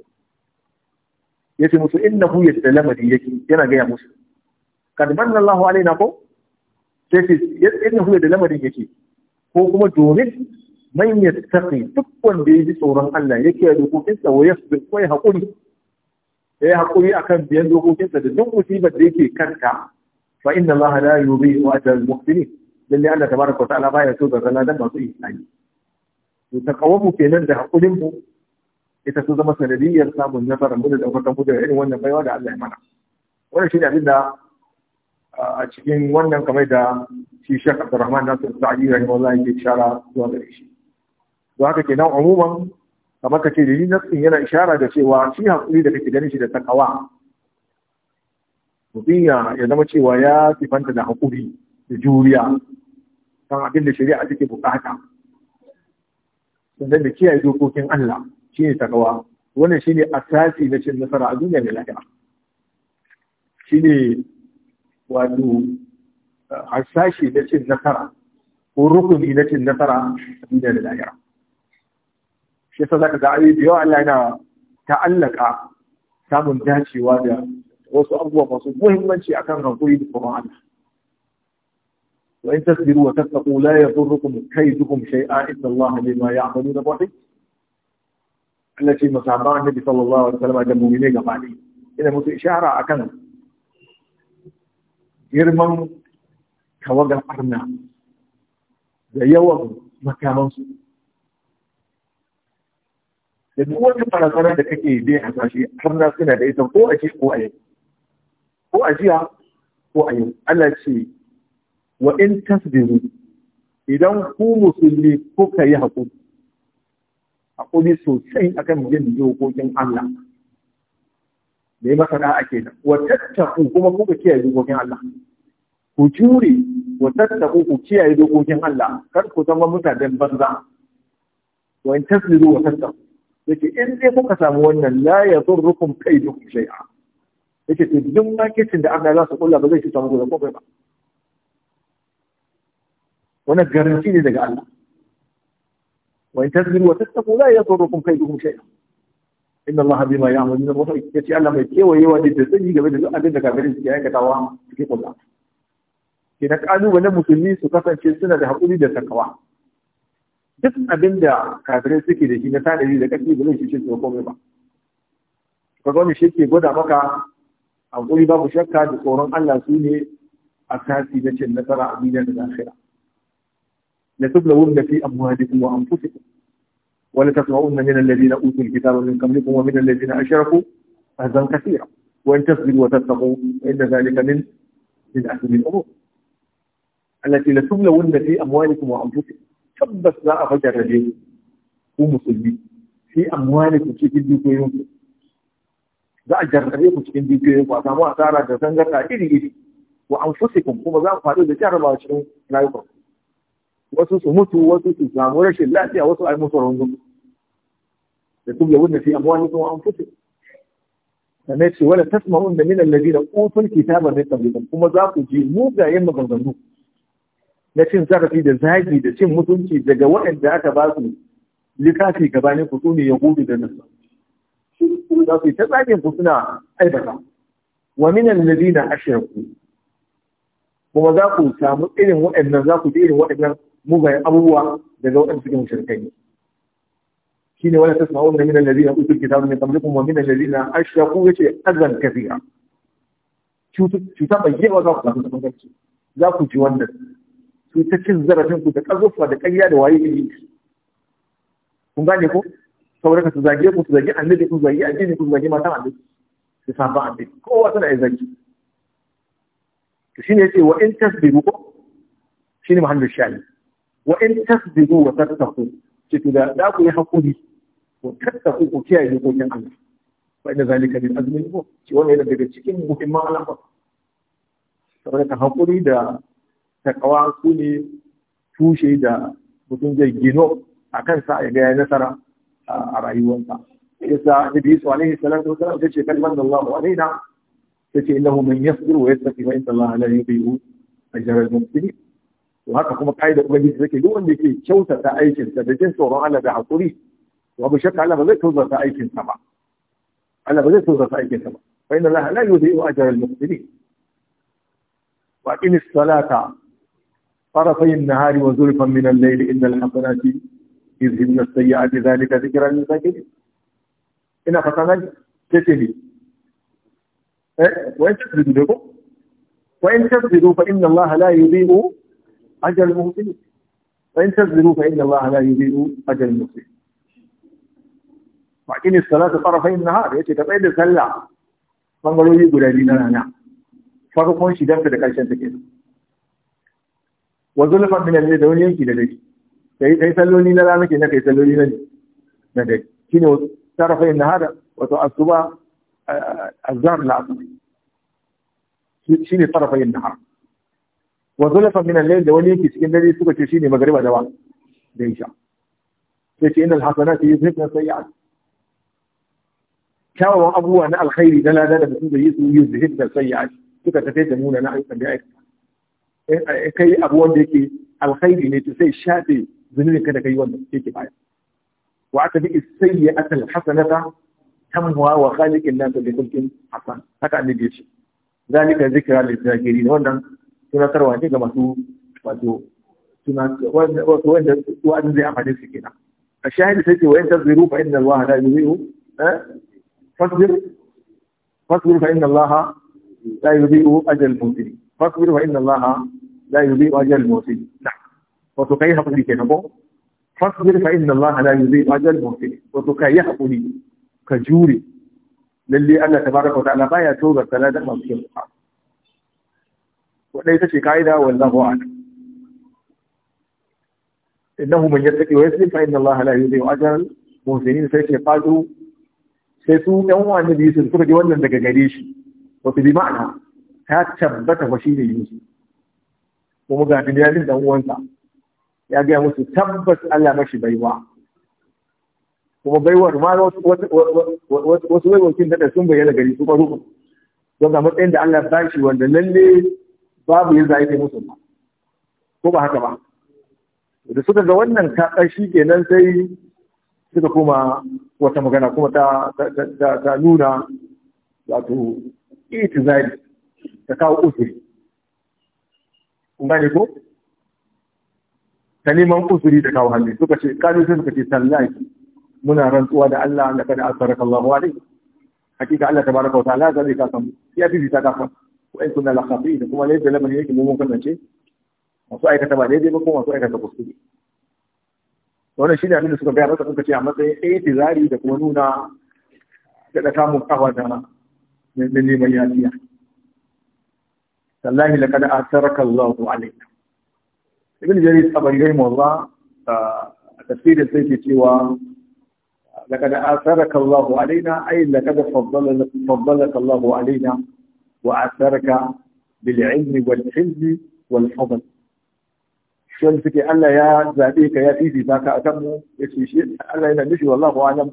yace musu innahu yastalama ne yake yana ga musu kad manna Allahu alaina ko sai innahu yastalama ne yake ko kuma domin man yastaqi duk wanda ya ji tsoron Allah yake da kokin sa wa yasbir ko ya haƙuri haƙuri hakuri kan biyan dokokinsa da duk musibar da yake kanta fa inna allaha la yudhi'u ajra al-muhsinin lalle Allah tabaraka wa ta'ala baya so ga ladan masu ihsani to mu kenan da hakurin mu ita su zama sanadiyar samun nasara mu da daukakan mu da irin wannan baiwa da Allah ya mana wannan shine abin da a cikin wannan kamar da shi Sheikh Abdulrahman Nasir Sa'idi rahimahullah yake shara zuwa gare shi to haka kenan umuman kamar ka ce da nafsin yana ishara da cewa shi hakuri da kake ganin shi da takawa mutum ya zama cewa ya sifanta da hakuri da juriya kan abin da shari'a take bukata sannan da kiyaye dokokin Allah shi ne takawa wannan shi ne asasi na cin nasara a duniya mai lafiya shi ne wato eh, na cin nasara ko rukuni na cin nasara a duniya da lahira shi yasa zaka ga ayi da yawa Allah yana ta'allaka samun dacewa da wasu abubuwa masu muhimmanci akan hankuri da kuma Allah wa in tasbiru wa tattaqu la yadurrukum kaydukum shay'a inna Allah bima ya'malun basir Allah ce masahaban Annabi sallallahu alaihi wasallam da mu'mini gaba ne ina musu ishara akan girman tawagar arna da yawan makamansu da duk wani fara da kake bai shi har na suna da ita ko a ce ko a yau ko a jiya ko a yau Allah ce wa in tasbiru idan ku musulmi ka yi haƙuri haƙuri sosai akan yin dokokin Allah da yi masana ake da wa tattaku kuma kuka kiyaye dokokin Allah ku jure wa tattaku ku kiyaye dokokin Allah kar ku zama mutanen banza wa in tasbiru wa tattaku yake in dai kuka samu wannan la kai kaidukum shay'a yake to duk marketing da Allah za su kula ba zai cuta samu gobe komai ba wannan garanti ne daga Allah wa in tasbiru wa tattaqu la kai kaidukum shay'a inna Allah bima ya'maluna muhit yace Allah mai kewayewa da tsani game da duk abin da kafirin suke aikatawa suke kula kenan kalubalen musulmi su kasance suna da haƙuri da takawa duk abin da kafirai suke da shi na tanadi da ƙarfi ba zai cuce su komai ba ka gwamnati shi ke gwada maka hankuri babu shakka da tsoron Allah su ne a kasi na cin nasara a duniya da lafiya la tublawunna fi amwalikum wa anfusikum wa la tasma'unna min alladhina utul kitaba min qablikum wa min alladhina ashraku azan kathira wa in tasbiru wa tattaqu inna dhalika min min ahsani al-umur allati la tublawunna fi amwalikum wa anfusikum tabbas za a fajar rabe ku musulmi fi amwali ku cikin dukiyoyin ku za a jarrabe ku cikin dukiyoyin ku a samu asara da zangarta iri iri wa an anfusikum kuma za ku faɗo da jarrabawa cikin rayuwar wasu su mutu wasu su samu rashin lafiya wasu a yi musu rungun da kuma yawon fi an wa da sannan ce wani tasma'un da min alladhina utul kitabar min qablikum kuma za ku ji mugayen maganganu na cin zarafi da zagi da cin mutunci daga waɗanda aka ba su littafi gabanin ku su ne gudu da nasa za su yi ta zagin ku suna aibata wa minan ladina ku. kuma za ku samu irin waɗannan za ku ji irin waɗannan mugayen abubuwa daga waɗanda suke mushrikai shine wala tasma'unna minal ladina utul kuma min qablikum wa na ladina ya ce azan kafiya. cuta bai yawa za ku samu bangarci za ku ji wannan su ta cin zarafin ku da kazufa da ƙarya da waye iri kun gane ko saboda ka su zage ku su zage annabi ku zage addini ku zage matan annabi su saba annabi kowa tana yin zage to shine yace wa in tasbiru ko shine muhammadu shani wa in tasbiru wa tattaqu cikin da da ku yi hakuri wa tattaqu ku kiyaye dokokin Allah fa inna zalika min azmi ko shi wannan yana daga cikin muhimman al'amura saboda ka hakuri da takawa su ne tushe da mutum zai gino a kansa ya ga nasara a rayuwarsa yasa nabi Yusuf alaihi salatu wasalam ta ce kalmar da Allah na. ta ce innahu ya yasbir wa yattaqi fa inna Allah la yi ajra al-muhsinin to haka kuma kaidar ubangiji take duk wanda ke kyautata aikinsa da jin tsoron Allah da hakuri to abu shakka Allah ba zai kyautata aikinsa ba Allah ba zai kyautata aikinsa ba fa inna Allah la yi ajra al-muhsinin wa aqimis salata طرفي النهار وزلفا من الليل إن الحسنات يذهبن السيئات ذلك ذكرى للذاكرين ina fata na keke ne wa in tasbiru da ko wa in tasbiru fa inna Allah la yudhi'u ajra al-muhsinin wa in tasbiru fa inna Allah la yudhi'u ajra al-muhsinin wa kini salatu tarafai nahar yace ta tsaye da sallah bangarori guda biyu na rana farkon shi dan da karshen take وظلفا من الذي دون ينكي لديك كي تلوني لا مكي لا كي تلوني لدي لديك كينو تعرف ان هذا وتعصبا آه، آه، الزار العصبي شيني طرف النهار وظلفا من الليل دون ينكي سكين لدي سوك تشيني مغربا دوان ديشا كي ان الحسنات يذهبن سيئات كاو ابو انا الخير دلا دلا بسوك يسو يذهبن سيئات سوك تفيت مونا نعيسا بأكثر Eh, kai abu wanda yake alkhairi ne to sai shafe zunubin ka da kai wanda yake baya wa aka bi sayyi'ata alhasanata tamwa wa khaliqin nas bi khulqin hasan haka annabi ya ce zalika zikra lil zakirin wannan tunatarwa ne ga masu wato tuna wanda wanda wanda zai amfane su kenan a shahidi sai ce wa in tasbiru fa inna allaha la yudhi'u eh? fasbir fasbir fa inna allaha la yudhi'u ajra al-mu'minin fasbir fa inna allaha لا يضيء أجل المرسلين نعم وتكيحق لي كنبو فاصبر فإن الله لا يضيء أجل المرسلين وتكيحق لي كجوري للي انا تبارك وتعالى بايا توغى في مبكين وليس في قاعدة والله أعلم إنه من يتقي ويسلم فإن الله لا يضيء أجر المرسلين فيش قالوا سيسو نوع النبي يسلم فرد جوانا لك جريش وفي بمعنى هات شبته وشيء يوسف kuma ga Bilyamin dan uwansa ya gaya musu tabbas Allah mashi baiwa kuma baiwar ma wasu baiwokin da sun bayyana gari su faru don ga matsayin da Allah ba shi wanda lalle babu yin zaifi musu ba ko ba haka ba da suka ga wannan kaɗa shi kenan sai suka koma wata magana kuma ta nuna wato itizari ta kawo usuri gane ko ta neman usuri da kawo hannu suka ce kanu sai suka ce tallahi muna rantsuwa da Allah da kada asaraka Allah wa alai hakika Allah tabaraka wa ta'ala zai ka san ya fi ta kafa wa in kunna la da kuma ne da lamarin yake mun kasance Wasu aikata ba daidai ba ko masu aikata kuskure wannan shine abin da suka bayar da suka ce a matsayin ɗaya tizari da kuma nuna da kamun kawa da neman yafiya tallahi لقد أثرك الله عليك ابن جريس أبو rahimahullah الله آه، تفسير sai سوى لقد آثرك الله علينا أي لقد فضل فضلك الله علينا وآثرك بالعلم والحلم والفضل شو سكي ألا يا زابيك يا سيدي ذاك أتمو يسوي ألا ينمشي والله أعلم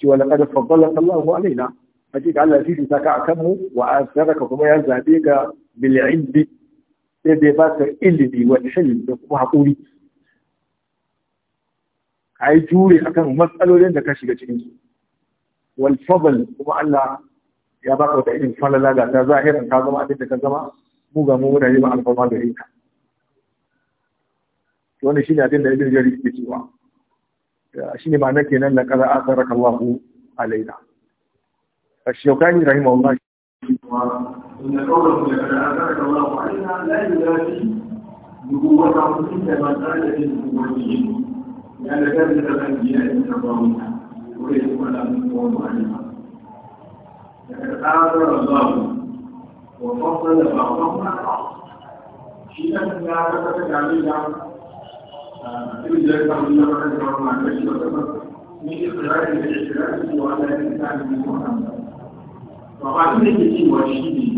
شو لقد فضلك الله علينا أجيك ألا سيدي ذاك أتمو وآثرك كما يا bil sai dai ba baka ilimi wa ilmi da kuma haƙuri ai jure akan matsalolin da ka shiga cikin su wal fadl kuma Allah ya baka wata irin falala ga ta zahiran ka zama abin da ka zama mu ga mu da yi ba alfama da ita wannan shine abin da Ibn Jarir yake cewa shine ma'ana kenan la qara asaraka Allahu alaina الشوكاني رحمه الله إن قوله لأنزلك الله عليها لا ينافي نبوة عظيمة من قال في نبوته لأن ذلك الأنبياء كرامها وليس ولا نبوة عليها لقد آثر الله وفضل بعضهم على بعض في أن لا تتفق علينا إلا أن آه، الله كرم عن نفسه من إقرار الاعتراف وعلى لسان محمد وقال لك شيء وشيء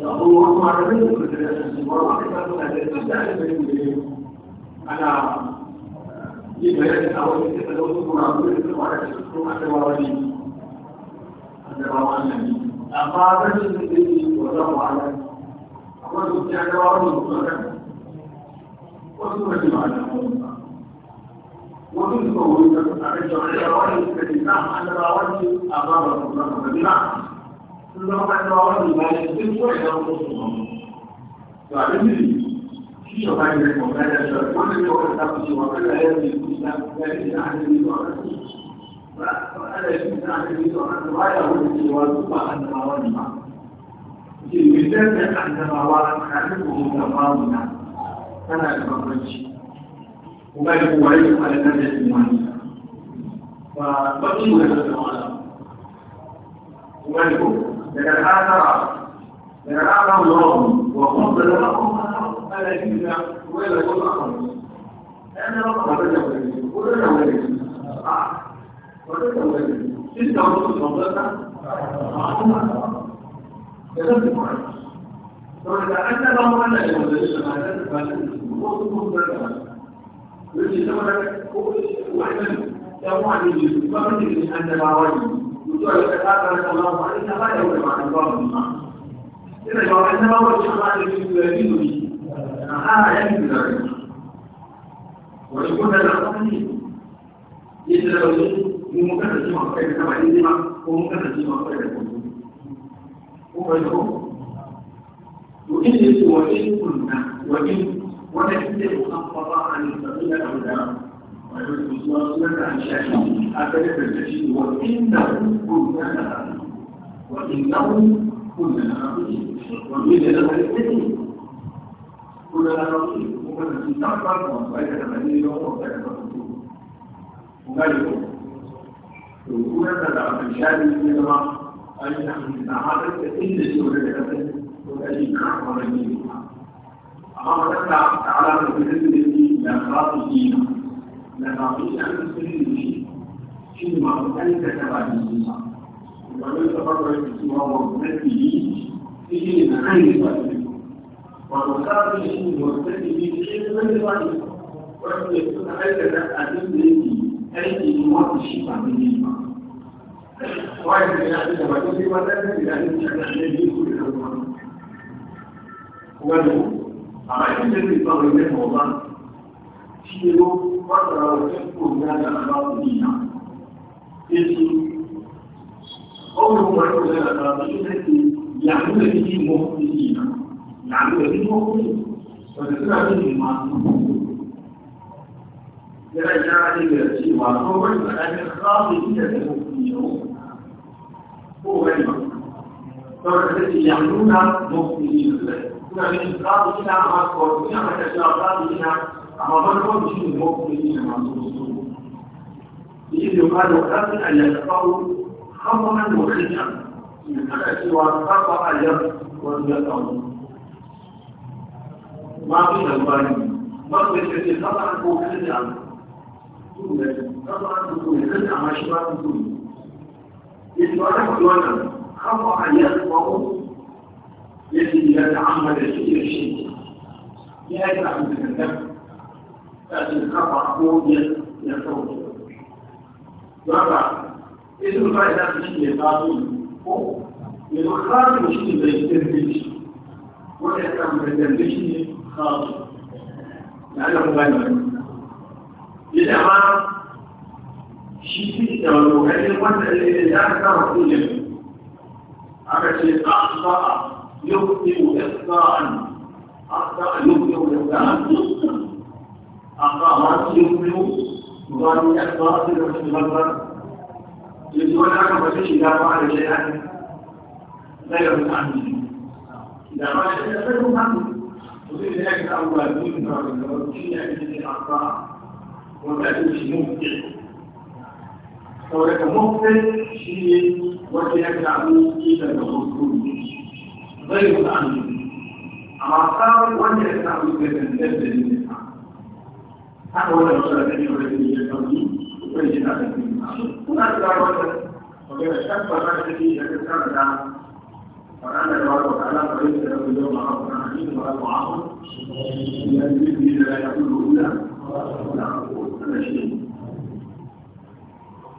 أَنَا وهو معلم المدرسة ومعرفة هذه على جبهة أو تتلوث مرابطة وعلى تشكر عند أَنْ عند رواني أقابل الذي وضعه أَنْ أقول لك عند رواني مطلقا وسورة المعلمة ومن قولك عند رواني كتبنا عند رواني أقابل الله بالمعنى 就是说按照外面来最初来讲都是我们，对吧？人民需求方面我们来说，我们有很大不希望，未来的你在在历史上是你所的，对吧？未来历史上是你所的，我也会希望不管按照老你嘛，就有些人按照老外还是我们的老你呢，那哪什么关系？我感觉我也快跟这情况一样，啊，到英国的时候呢，我感觉。من الآثار من الآثار لهم وفضل لهم ما يجوز ولا يقول أخرج لأن ربنا تجاوز ولا تجاوز ولا تجاوز ستة ونص منطقة معلومة كذلك معلومة فإذا أنت لو أنا يجوز لنا هذا الفاتن وصفهم ذلك يجي ثمرة واحدة يوم عن يجي فقط أن لا وجه وجوع الكتابة الله عليها لا يوجد مع الإنظار منها إذا جاء إنما هو الشخص الذي هذا يجب ذلك ويكون هذا الأمر يجب أن وممكن تجمع خير كما يجمع وممكن تجمع خير وغيره وإن وإن كنا وإن ونحن مخفضة عن السبيل الهدى وإنه كنا لنا وإنه كنا لنا وإن لنا كنا لنا ومن في نقر وصيد المدينة وصيد الرسول وملكه وكنا تدعى في شأن الجماعة أن نحن نتعرف إن سورة الأبد وأن نحن نحن نحن أما تدعى تعالى في ذلك لا خاطئين لبقي عن سنه فيما أنكت بعده ومن تفرد سوى مهمته عن صاحبه ومصابه مرتبه علما لغيره ولم يكن أنكت عن ابنه أي موت الشفاء منهما وإذا كان هذا ما تجري وذلك إلى أن يكون الذي يكون له وله أما إن الذي يقول له الله شيء 我这跟服务员的老板不一样，就是，我如果说是他，你这里养牛的鸡我给你养，养的鸡我给你，这知道就行现在人这个鸡嘛，如果说是他不的，我给你养，不会嘛？要是这养牛的，我给你养，的，然你他不养，的说他不养，还是要他不养？amma farkon shi ne mafi ne masu su yake da ba da wadatun ayyakawo kamfanin da wakilta da kada cewa kafa ayyar wani ya kawo mafi da gwani mafi da ke kafa an ko wakilta kafa an ko wakilta amma shi ba su su yake ba da kudu wannan kafa ayyar kawo yake da ya ta'amma da shi ya shi ya yi ta'amma da 但是他把多年也受不了。老板，你这么干下去也拉住你，哦，你说他这个心理的一件事情，我也干不了，这心理他哪有不干的？你想吗？脾气小，我还是我这人家干我自己，而且大大有有的干，大大有有的干。أقامات يقبل مضاد أكبر في المتغبر يجب أن أعرف شيء إذا فعل شيئا لا يرد عنه إذا فعل شيئا لا يرد عنه وفي ذلك أول ينكر التوكيل به الأعضاء وتأتي مبدع فولك مبدع شيء وسيجعل إلى الخروج غير عنه أما صار وجه التعبير بالنسبة للإنسان 他给我讲出来，肯定会有一些冲击，会有些大的冲击。不然的话，我觉得三百万这些人是看不上。فكان الوضع على طريق له يوم ربنا حميد وأطعمه لأن بإذن لا يقول إلا ولا شيء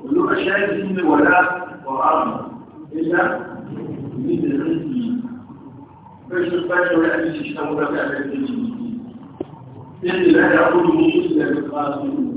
ولو أشاهد ولا وأرض إلا بإذن رزقي فشو فشو يأتي تشتغل في أبد الدين إلا يقول مسلم قاسم